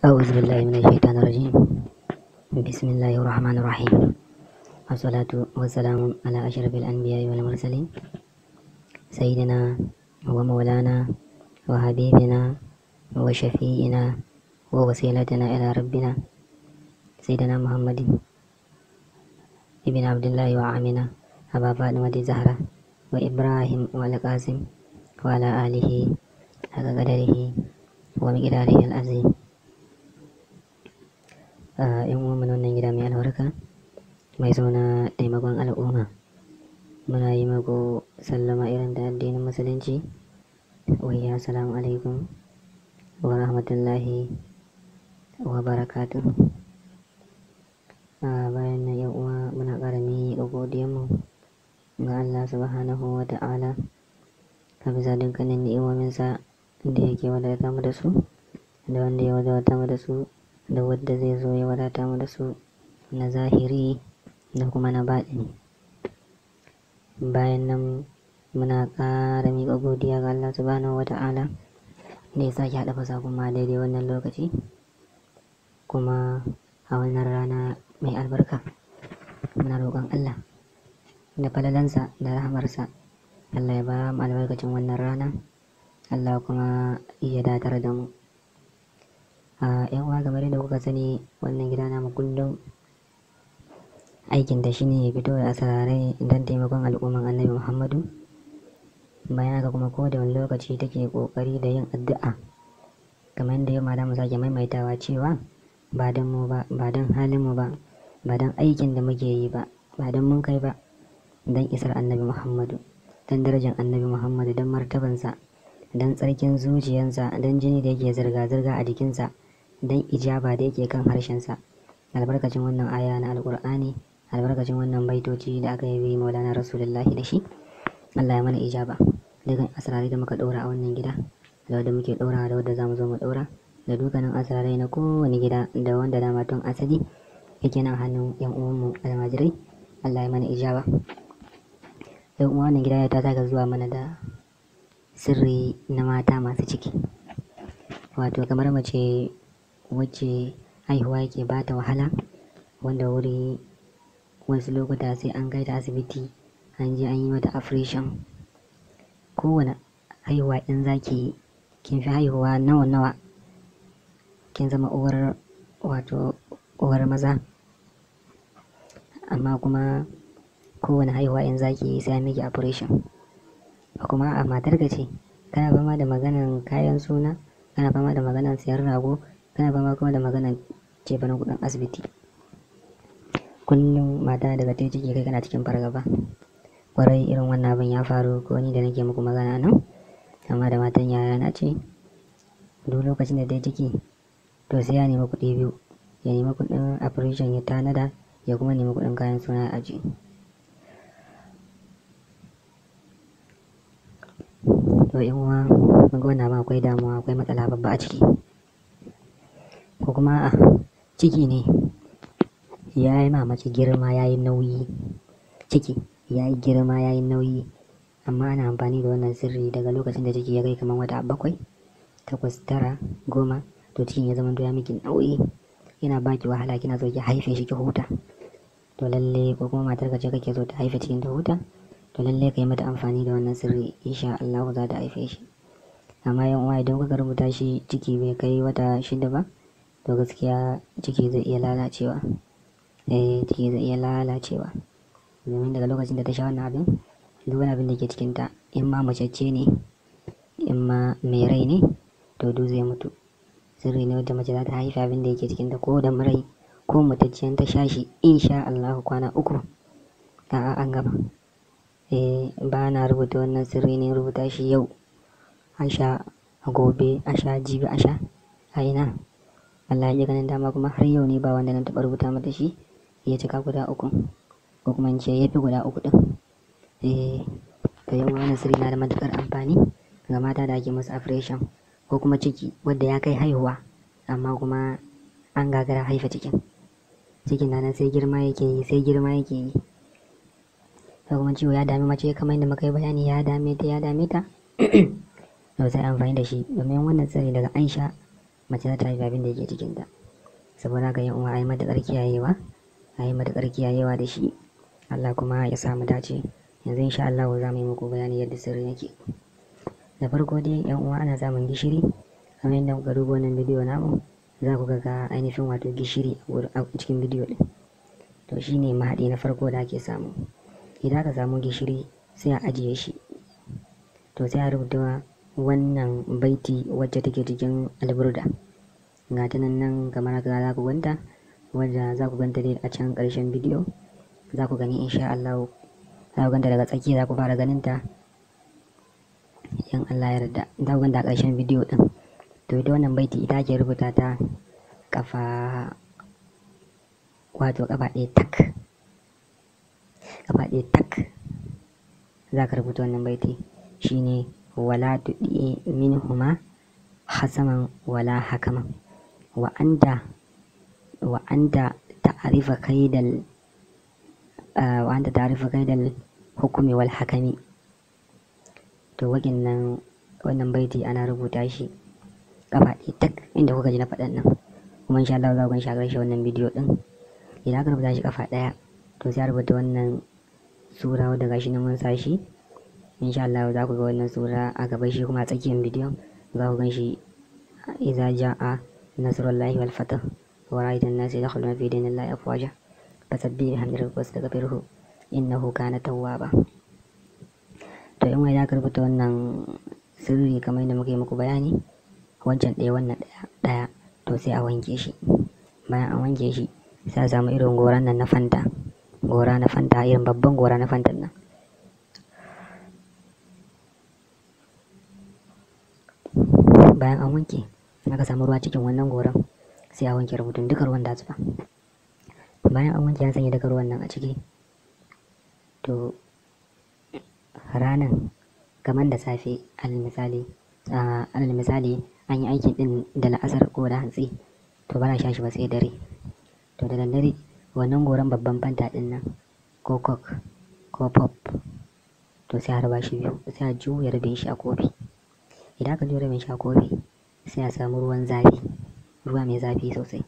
أعوذ بالله من الشيطان الرجيم بسم الله الرحمن الرحيم والصلاة والسلام على أشرف الأنبياء والمرسلين سيدنا ومولانا وحبيبنا وشفيئنا ووسيلتنا إلى ربنا سيدنا محمد ابن عبد الله وعمنا أبا فاطمة زهرة وإبراهيم والقاسم وعلى آله حق قدره ومقداره العظيم Ah, 'yan mu na wannan gida mai albarka mai zauna taimakon al'umma muna yi mako sallama irin da addinin musulunci wayya assalamu alaikum wa rahmatullahi wa barakatu. a ah, bayan nan yan uwa muna ƙarami miƙa godiyanmu ga Allah subhanahu wa ta'ala a bisa dukkanin ni'imominsa da yake wadata mu da su da wanda ya wadata mu da su da wadda zai zo ya wadata mu da su na zahiri da kuma na baɗini bayan nan muna ƙara miƙa godiya ga Allah subhanahu wa ta'ala da ya sake haɗa fasa kuma daidai wannan lokaci kuma a wannan rana mai albarka muna roƙon Allah da falalansa da rahamarsa Allah ya ba mu albarkacin wannan rana Allah kuma ya datar da mu yan uwa kamar yadda kuka sani wannan gida namu kullum aikin da shine fito da asararai don taimakon al'umman annabi muhammadu bayan haka kuma ko da wani lokaci take kokari da yin addu'a kamar yadda yau ma mu sake maimaitawa cewa ba don mu ba ba don halin mu ba ba don aikin da muke yi ba ba don mun kai ba don isar annabi muhammadu don darajar annabi muhammadu don martabansa don tsarkin zuciyarsa, don jini da yake zirga-zirga a jikinsa Dan ijaba da yake kan harshen sa, albarkacin wannan aya na alkur'ani albarkacin wannan baitoci da aka yi maulana rasulullahi da shi allah ya mana ijaba dukkan asirari da muka ɗora a wannan gida da wanda muke ɗora da wadda za mu zo mu ɗora da dukkanin asirarai na kowane gida da wanda da matan asali yake nan hannun yan mu almajirai allah ya mana ijaba yan uwa wannan gida ta saka zuwa mana da sirri na mata masu ciki wato kamar mace wacce haihuwa yake ba ta wahala wanda wuri wasu lokuta sai an kai ta asibiti an je an yi mata operation kowane haihuwa in za ki kin fi haihuwa nawa nawa kin zama uwar wato uwar maza amma kuma kowane haihuwa in za ki sai an miki operation kuma a matar ka ce kana fama da maganan kayan suna kana fama da maganan siyar rago ana fama kuma da ce cefanen kudin asibiti kullum mata daga ta ciki kai kana cikin fargaba kwarai irin wannan abin ya faru ko ni da nake muku magana nan amma da matan yaya na ce duk lokacin da ta ciki to sai ya nemi kuɗi biyu ya nemi kuɗin operation ya tanada ya kuma nemi kuɗin kayan suna a aji to in uwa mun ga wannan akwai damuwa akwai matsala babba a ciki kuma ciki ne ya yi ma mace girma ya yi nauyi ciki ya yi girma ya yi nauyi amma ana amfani da wannan sirri daga lokacin da ciki ya kai kamar wata bakwai takwas tara goma to cikin ya zama ya miki nauyi yana baki wahala kina so ki haife shi ki huta to lalle ko kuma matar ka ce kake so ta haife cikin ta huta to lalle ka yi mata amfani da wannan sirri insha Allah za ta haife shi amma yan uwa idan kuka rubuta shi ciki bai kai wata shida ba to gaskiya ciki zai iya lalacewa eh ciki zai iya lalacewa domin daga lokacin da ta sha wannan abin duk wani abin da ke cikinta in ma macece ne in ma mai rai ne to duk zai mutu sirri ne wata mace za ta haifa abin da yake cikinta ko da murai ko mutaccen ta sha shi insha Allah kwana uku a an gaba eh ba na rubuta wannan sirri ne rubuta shi yau a sha gobe a sha jibi a sha a ina Allah ya ganin dama kuma har yau ne ba wanda na taɓa rubuta mata shi ya cika guda uku ko kuma in ce ya fi guda uku ɗin eh to yau wannan sirri na da matuƙar amfani ga mata da ake musu operation ko kuma ciki wadda ya kai haihuwa amma kuma an gagara haifa cikin cikin na nan sai girma yake yi sai girma yake yi ko kuma ciwo ya dame mace kamar yadda muka yi bayani ya dame ta ya dame ta to sai amfani da shi domin wannan sirri daga Aisha mace za ta yi abin da yake jikinta saboda haka yan uwa a yi matuƙar kiyayewa a yi matuƙar da shi Allah kuma ya sa mu dace yanzu insha Allah za mu yi muku bayani yadda sirri yake da farko dai yan uwa ana samun gishiri kamar yadda kuka duba wannan bidiyo namu za ku ga ainihin wato gishiri a cikin bidiyo din to shine mahaɗi na farko da ake samu idan aka samu gishiri sai a ajiye shi to sai a rubuta wannan baiti wacce take cikin alburda ga ta nan nan kamar haka za ku ganta wadda za ku ganta dai a can ƙarshen bidiyo za ku gani insha Allah za ku ganta daga tsaki za ku fara ganin ta in Allah ya yarda za ku ganta a ƙarshen bidiyo din to ita wannan baiti ita ke rubuta ta kafa wato kafa ɗaya tak kafa ɗaya tak za ka rubuta wannan baiti shine wala tuɗi'e minhuma hasaman wala hakaman wa'anda wa'anda ta'arifa kaidal wa'anda ta'arifa kaidal hukumi wal hakami to nan wannan baiti ana rubuta shi gaba ɗaya tak inda kuka ji na faɗan nan kuma insha Allah za ku gan shi wannan bidiyo ɗin idan aka rubuta shi kafa ɗaya to sai a rubuta wannan sura wadda gashi na mun sa shi insha Allah za ku ga wannan sura a gaba shi kuma a tsakiyar bidiyon za ku gan shi idza jaa nasrullahi wal fath wa ra'aita an-nasa yadkhuluna fi dinillahi afwaja fasabbih bihamdi rabbika wastaghfirhu innahu kana tawwaba to in wai za ka rubuta wannan sirri kamar yadda muka yi muku bayani wancan ɗaya wannan ɗaya to sai a wanke shi bayan an wanke shi sai a samu irin goran nan na fanta gora na fanta irin babban gora na fanta nan bayan an wanke aka samu ruwa cikin wannan goron sai a wanke rubutun duka ruwan da zuba bayan an wanke an sanya duka ruwan nan a ciki to ranan kamar da safe alal misali misali an yi aikin din da la'asar ko da hantsi to ba na sha shi ba sai dare to da daddare wannan goron babban fanta din nan ko kok, ko pop to sai a raba shi biyu sai a juya rubin shi a kofi idan aka jera mai sha kofi sai a samu ruwan zafi ruwa mai zafi sosai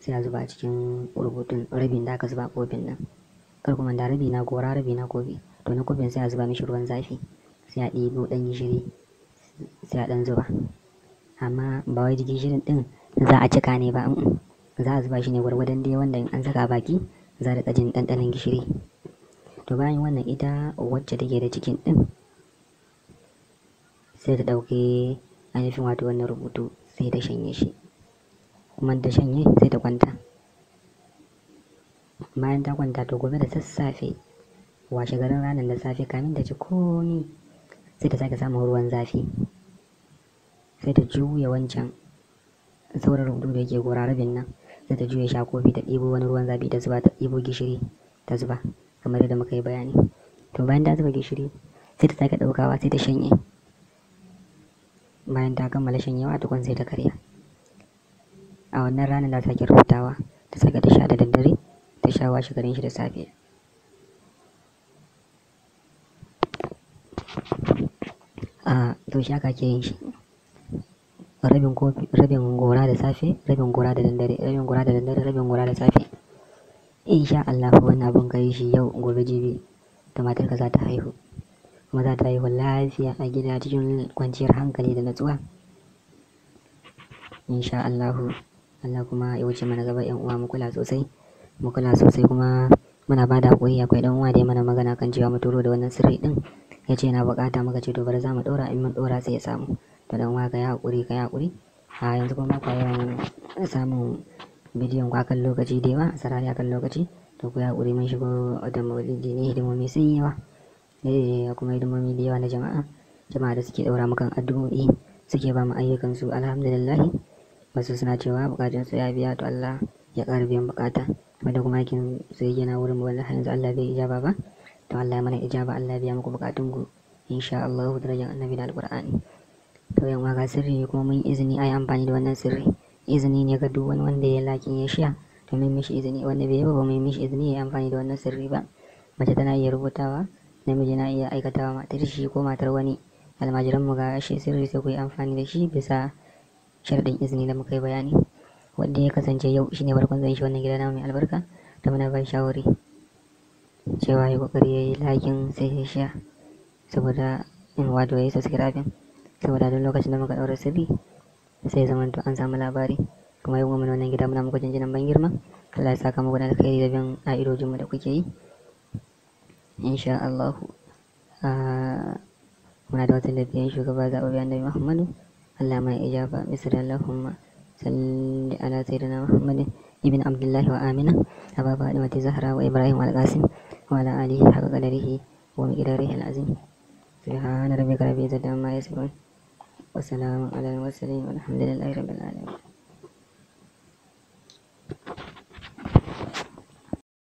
sai a zuba a cikin rubutun rabin da aka zuba kofin nan kar kuma da rabi na gora rabi na kofi to na kofin sai a zuba mishi ruwan zafi sai a ɗebo ɗan gishiri sai a ɗan zuba amma ba wai gishirin ɗin za a cika ne ba za a zuba shi ne gwargwadon dai wanda in an saka baki za da jin ɗanɗanon gishiri to bayan wannan ita wacce take da cikin ɗin sai ta ɗauki ainihin wato wannan rubutu sai ta shanye shi kuma ta shanye sai ta kwanta bayan ta kwanta to gobe da sassafe washe garin ranar da safe kamin ta ci komi sai ta sake samun ruwan zafi sai ta juya wancan sauran rubutu da yake gora rabin nan sai ta juya sha kofi ta ɗibo wani ruwan zafi ta zuba ta ɗibo gishiri ta zuba kamar yadda muka yi bayani to bayan ta zuba gishiri sai ta sake ɗaukawa sai ta shanye bayan ta kammala yawa tukun sai ta karya a wannan ranar da sake rubutawa ta sake ta sha da daddare ta sha washe garin shi da safe a to shi aka ke yin shi rabin kofi rabin gora da safe rabin gora da daddare rabin gora da daddare rabin gora da safe insha Allah wannan abun kai shi yau gobe jibi da matar ka za ta haihu kuma za ta haihu lafiya a gida cikin kwanciyar hankali da natsuwa insha Allahu Allah kuma ya wuce mana gaba yan uwa mu kula sosai mu kula sosai kuma muna ba da hakuri akwai dan uwa da mana magana kan cewa mu turo da wannan sirri din yace yana bukata muka ce to bari za mu dora in mun dora sai ya samu to dan uwa ka yi hakuri ka yi hakuri a yanzu kuma ba yawan samun bidiyon ku kan lokaci da yawa sarari kan lokaci to ku yi hakuri mun shigo da maulidi ne hidimomi sun yi yawa eh kuma hidimomi da yawa na jama'a jama'a da suke ɗaura mukan addu'o'i suke ba mu ayyukan su alhamdulillah wasu suna cewa bukatun su ya biya to Allah ya ƙara biyan bukata wanda kuma yakin su yi gina wurin har yanzu Allah bai ijaba ba to Allah ya mana ijaba Allah ya biya muku bukatun ku insha Allah darajar annabi da alqur'ani to yan ga sirri kuma mun izini ayi amfani da wannan sirri izini ne ga duk wani wanda ya lakin ya shiya. to mun mishi izini wanda bai yaba ba mun mishi izini ya amfani da wannan sirri ba mace tana iya rubutawa namiji na iya aikata wa matar shi ko matar wani almajiran mu ga shi sirri sai ku yi amfani da shi bisa sharɗin izini da muka yi bayani wanda ya kasance yau shine farkon zan shi wannan gida na mai albarka da muna bai shawari cewa ya kokari yayi lakin sai ya sha saboda in wato yayi subscribe saboda duk lokacin da muka ɗaura sabi sai zaman to an samu labari kuma yau mun wannan gida muna muku jinjinan ban girma Allah ya saka muku da alkhairi da bin ka'idojin mu da kuke yi insha Allahu ah, muna da wata lafiyan shugaba zaɓaɓɓe annabi Muhammadu Allah mai ijaba misali Allahumma salli ala sayyidina Muhammadin ibn Abdullahi wa Amina aba Fatimati Zahra wa Ibrahim al-Qasim wa ala alihi haqqa qadarihi wa miqdarihi al-azim subhana rabbika rabbil izzati amma yasifun wa salamun ala al-mursalin walhamdulillahi rabbil alamin